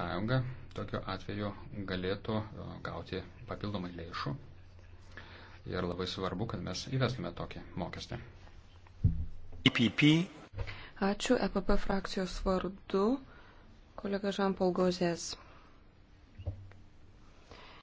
sąjunga tokiu atveju galėtų e, gauti papildomai lėšų. Ir labai svarbu, kad mes įvestume tokį mokestį. EPP. Ačiū EPP frakcijos vardu, kolega Žampol Gozės.